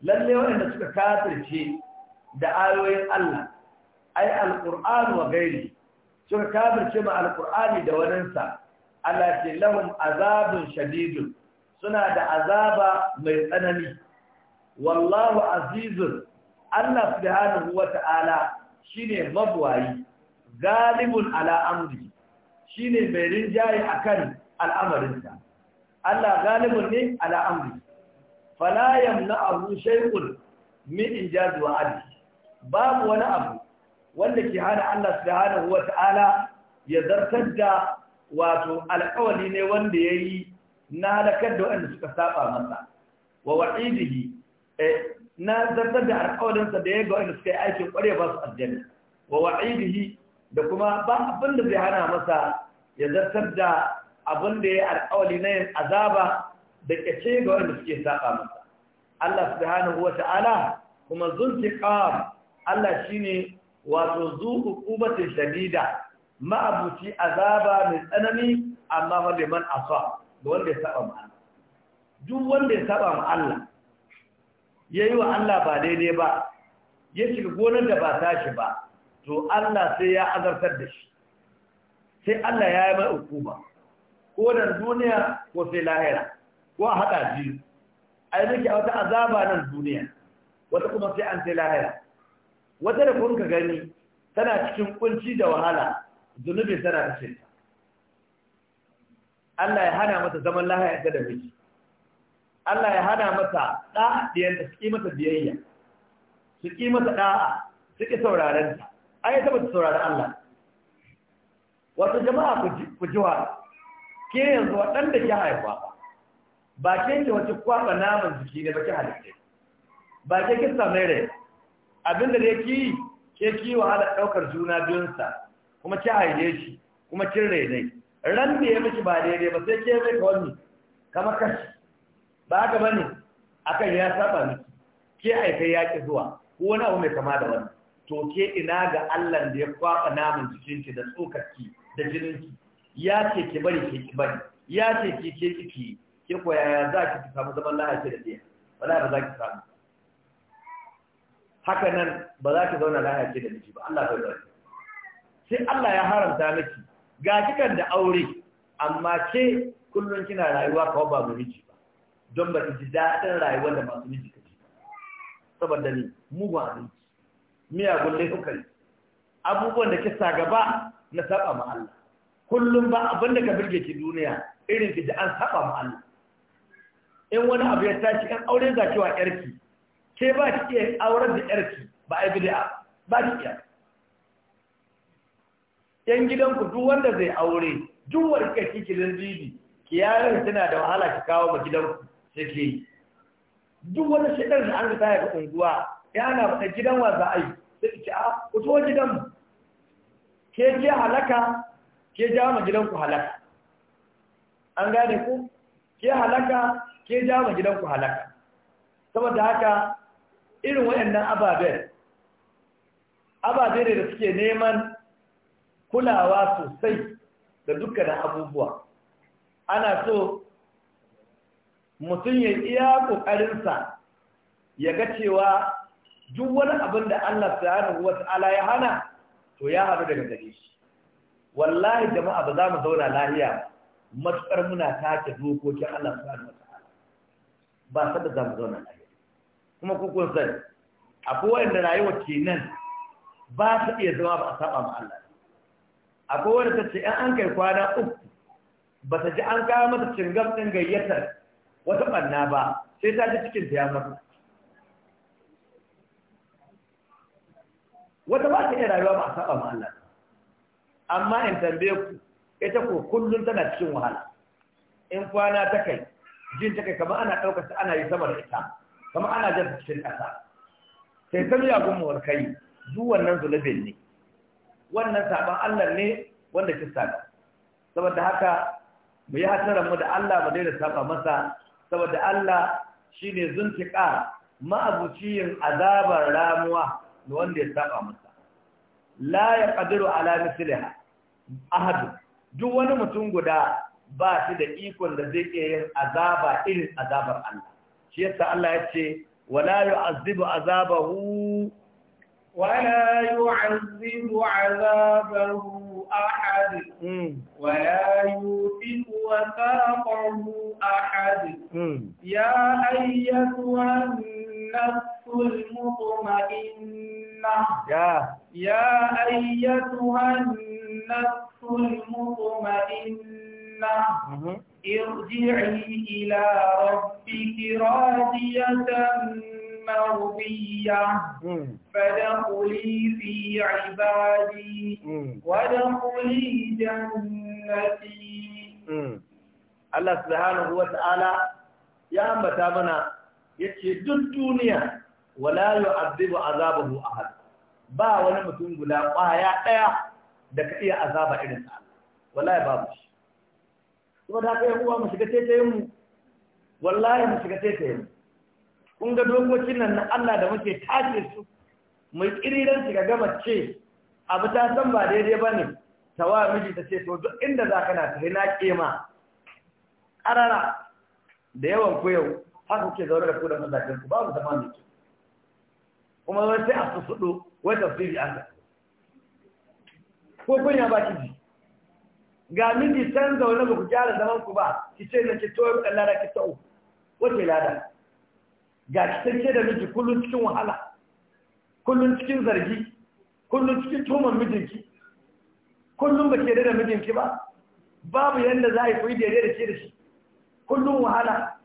lalle wanda suka kafirce da ayoyin Allah ai alqur'an wa gairi suka kafirce ma alqur'ani da wadansa Allah ce lahum azabun shadidun suna da azaba mai tsanani wallahu azizun Allah subhanahu wa ta'ala shine mabwayi galibun ala amri shine mai rinjaye akan al'amarinsa Allah galibun ne ala amri fala yamna'u shay'un min injazi wa'adi babu wani abu wanda ke hana Allah subhanahu wata'ala ya zartar da wato alƙawari ne wanda ya yi na halakar da wanda suka saba masa wa wa'idihi eh, na zartar da alƙawarinsa da ya ga waɗanda suka yi aikin ƙware ba su aljanna wa wa'idihi da kuma ba abin da zai hana masa ya zartar da abin da ya yi alƙawari na yin azaba da ƙace ga waɗanda suke saba masa Allah subhanahu wata'ala kuma zulfiqar Allah shi ne wato zu hukumatin shadida ma'abuci azaba mai tsanani amma wanda man asa da wanda ya saba ma duk wanda ya saba ma Allah yi wa Allah ba daidai ba ya shiga gonar da ba tashi ba to Allah sai ya azartar da shi sai Allah ya yi mai hukuma ko da duniya ko sai lahira ko a haɗa biyu a yi a wata azaba nan duniya wata kuma sai an sai lahira wata da kun ka gani tana cikin kunci da wahala zunubin tana da cinta Allah ya hana mata zaman lahaya ta da miji Allah ya hana mata da'a diyanta su mata biyayya su ƙi mata ɗa'a, su ƙi sauraren ta ai ta bata sauraren Allah wato jama'a ku ji wa ke yanzu waɗanda ke haifa ba ke ke wacce kwaɓa naman jiki ne ba ke halitta ba ke kista mai rai abin da ya ki ke ki wahala ɗaukar juna biyunsa kuma ki haide shi kuma kin rainai ran da ya miki ba daidai ba sai ke mai ka wani kama kashi ba haka bane akan ya saba miki ke aika yaƙi zuwa ko wani abu mai kama da wani to ke ina ga Allah da ya kwaɓa namun ki da tsokarki da jinin ki? ya ce ki bari ke ki bari ya ce ki ke ki ki ko yaya za ki samu zaman lafiya da ɗaya wala ba za ki samu haka nan ba za ki zauna lafiya ce da miki ba Allah bai bari sai Allah ya haramta miki ga kikan da aure amma ce kullun kina rayuwa ka ba mu miji ba don ba ji daɗin rayuwar da masu miji ka ji saboda ni mugun abinci miyagun laifukan abubuwan da kisa gaba na saba ma Allah kullum ba abin da ka birge ki duniya irin ki ji an saba ma Allah in wani abu ya tashi kan aure zakiwa yarki ke ba ki iya aurar da yarki ba a bid'a ba ki iya yan gidanku duk wanda zai aure duk wanda kike kilin bibi ki yaro tana da wahala ki kawo ba gidanku sai ke yi duk wanda shi da an ga ya ga unguwa ya na gidan wa za a yi sai ki a ah, to gidan ke je halaka ke ja ma gidanku halaka an gane ku ke halaka ke ja ma gidanku halaka saboda haka irin waɗannan ababen ababe ne da suke neman kulawa sosai da dukkanin abubuwa ana so mutum ya iya ƙoƙarinsa ya ga cewa duk wani abin da Allah subhanahu wata'ala ya hana to ya haɗu daga gare shi wallahi jama'a ba za mu zauna lahiya matuƙar muna take dokokin Allah subhanahu wata'ala ba sadar za mu zauna lahiya kuma kukun sai akwai wanda rayuwa kenan ba ta iya zama ba a saba ma Allah akwai wanda ta ce an kai kwana uku ba ta ji an kawo mata cingam din gayyatar wata banna ba sai ta ji cikin ta ya mata wata ba ta iya rayuwa ba a saba ma Allah amma in tambaye ku ita ko kullum tana cikin wahala in kwana ta kai jin ta kai kamar ana ɗaukar ta ana yi sama da ita kamar ana jan cikin ƙasa sai ta mawar kai duk wannan zulubin ne wannan sabon Allah ne wanda ki sami saboda haka mu yi hataran mu da Allah mu daina saba masa saboda Allah shi shine zuntika ma'abuciyin azabar ramuwa da wanda ya saba masa la ya ƙadiru ala misliha ahadu duk wani mutum guda ba shi da ikon da zai iya yin azaba irin azabar Allah shi yasa Allah ya ce wala yu'azzibu azabahu wala yu'azzibu azabahu a ahad hmm. wala yuthiqu a ahad hmm. ya ayyatuha النفس المطمئنة يا يا أيتها النفس المطمئنة ارجعي إلى ربك راضية مرضية في عبادي جنتي Allah subhanahu wa ta'ala ya ambata mana yake duk duniya wala yu'adhibu azabahu ahad ba wani mutum guda kwaya ɗaya da ka iya azaba irin wala ya babu shi kuma da haka kuwa mu shiga taitayen mu wallahi mu shiga taitayen mu kun ga dokokin nan na Allah da muke tace su mai kiriran shiga gama ce abu ta san ba daidai ba ne tawa miji ta ce to duk inda za kana ta na kema ƙarara da yawan ku yau haka kuke zaune da ku da mazajen ku babu zama mai kyau kuma wani sai a susuɗo wai tafsiri an ko kunya ba ki ji ga miji can zaune ba ku gyara zaman ku ba ki ce na ki toyo da lada ki ta'u wace lada ga ki tanke da miji kullun cikin wahala kullun cikin zargi kullun cikin tuman mijinki kullun ba ke da mijinki ba babu yanda za a yi kuyi daidai da ke da shi kullun wahala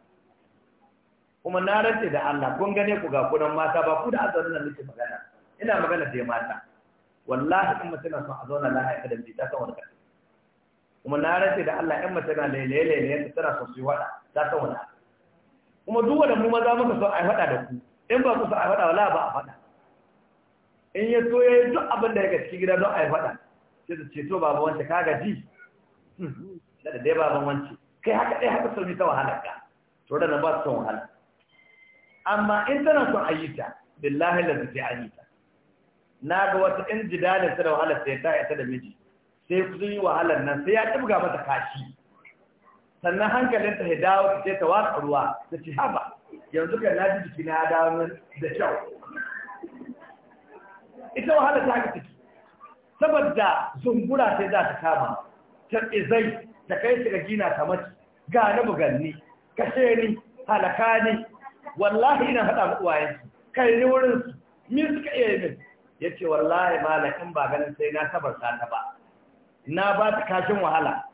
kuma na rantse da Allah kun gane ku ga kunan mata ba ku da azalin nan nake magana ina magana da mata wallahi in tana son a zauna lahiya kada miji ta san wani kuma na rantse da Allah ɗan mace na lailaye-lailaye ta tana so su yi waɗa ta san wani kuma duk wanda mu maza muka so a waɗa da ku in ba ku so a waɗa wala ba a faɗa in ya so ya yi duk abin da ya gaske gida don a yi faɗa sai ce ceto baba wance ka gaji da *laughs* da dai baban wance kai haka ɗaya haka sun yi ta wahala ka to da nan ba su son wahala amma in tana son a yi ta billahi da zuke yi ta na ga wata in jidalin ta da wahala sai ta ita da miji sai ku yi wahalar nan sai ya buga mata kashi sannan ta ya dawo ta ce ta watsa ruwa ta ci haba yanzu kan na ji jiki na ya dawo da kyau ita wahalar ta haka ciki saboda zungura sai za ta kama ta izai ta kai su ga gina ta mace ga na buganni kashe ni halaka ni wallahi ina haɗa mu kai ni wurin su min suka iya yi min ya ce wallahi malakin ba ganin sai na tabar ta ba na ba ta kashin wahala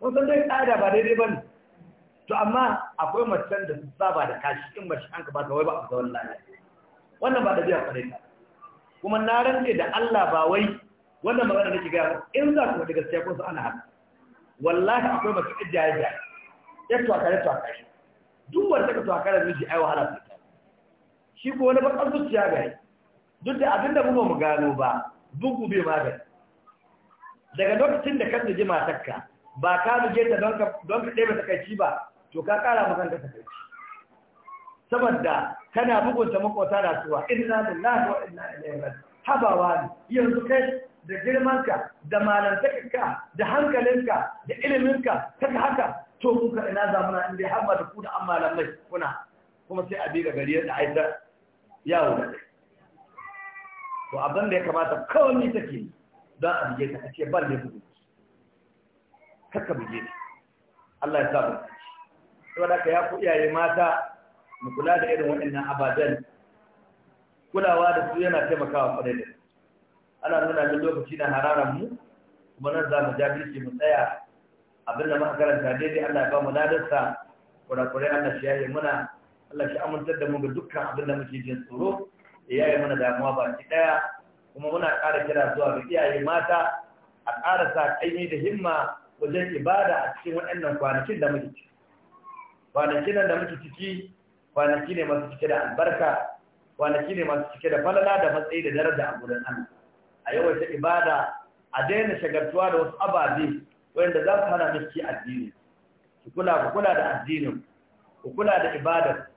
wasan dai tsada ba daidai ba ne to amma akwai macen da su saba da kashi in ba shi an ka ba ta wai ba a ga lafiya wannan ba da biya kwarai ta kuma na rantse da Allah ba wai wannan magana nake gaya ba in za ku da gaskiya kun su ana haka wallahi akwai masu ijiya ya ya tuwakare tuwakare duk wanda ka tuwakare miji ai wahala su ta shi ko wani bakar zuciya gari duk da abinda mu ba mu gano ba bugu bai magani daga lokacin da ka ji matarka ba ka zuje ta don ka ɗaya takaici ba to ka ƙara makanta takaici saboda kana bugunta makota da suwa inna na wa inna da raji'un habawa ne yanzu kai da girmanka da malantakarka da hankalinka da iliminka kaga haka to ka ina zamuna inda har da ku da an mai? kuna kuma sai a bi ga gari da aita yawo to abin da ya kamata kawai take don a buge ka kace ban ne bugu kakka buge ta Allah ya sabu saboda ka ya ku iyaye mata mu kula da irin waɗannan abadan kulawa da su yana taimakawa kwarai da ana nuna min lokaci na hararan mu kuma nan za mu ja birki mu tsaya abin da muka karanta daidai Allah ya ba mu ladarsa kurakurai Allah shi yaye muna Allah shi amintar da mu ga dukkan abin da muke jin tsoro ya yaye mana damuwa baki daya kuma muna ƙara kira zuwa ga iyaye mata a ƙara sa ƙaimi da himma wajen ibada a cikin waɗannan kwanakin da muke ciki kwanaki nan da muke ciki kwanaki ne masu cike da albarka kwanaki ne masu cike da falala da matsayi da daraja a gurin Allah a yawaita ibada a daina shagartuwa da wasu ababe wanda za su hana miki addini ku kula ku kula da addinin ku kula da ibadar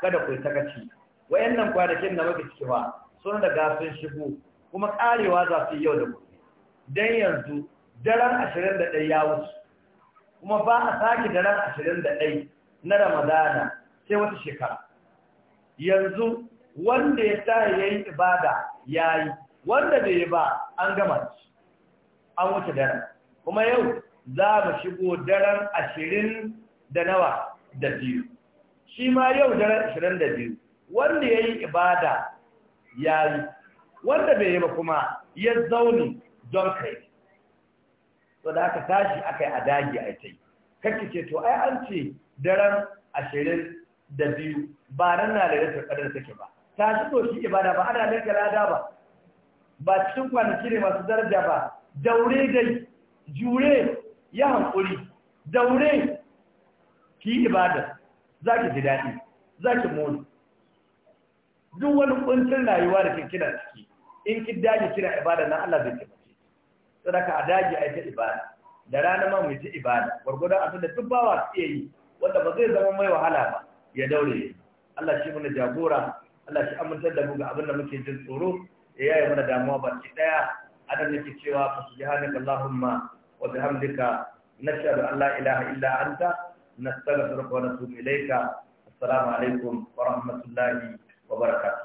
kada ku yi takaci. wayannan kwanakin da muke ciki ba sun da gafin shigo kuma karewa za su yau da gobe dan yanzu daren 21 ya wuce kuma ba a sake daren 21 na Ramadana sai wata shekara yanzu wanda ya sa yayi ibada yayi wanda bai yi ba an gama shi an wuce daren kuma yau za mu shigo daren ashirin da nawa da biyu shi ma yau daren ashirin da biyu wanda ya yi ibada ya yi wanda bai yi ba kuma ya zaune don kai to da aka tashi aka yi a dagi a ta yi ce to ai an ce daren ashirin da biyu ba nan na da rasar kadar take ba tashi to shi ibada ba ana da galada ba ba cikin kwanaki ne masu daraja ba daure dai jure ya hankuri daure ki ibada za ki ji daɗi za ki duk wani kuncin rayuwa da kinkina ciki in ki daji kira ibada na Allah zai taimake sadaka a daji a ta ibada da rana ma mu ta ibada gwargwadon abin da duk bawa su iya yi wanda ba zai zama mai wahala ba ya daure Allah shi mana jagora Allah shi amintar da mu ga abin da muke jin tsoro ya yaye mana damuwa baki daya adam yake cewa subhanaka allahumma wa bihamdika nashhadu an la ilaha illa anta nastaghfiruka wa natubu ilayka assalamu alaikum wa rahmatullahi wa barakatuh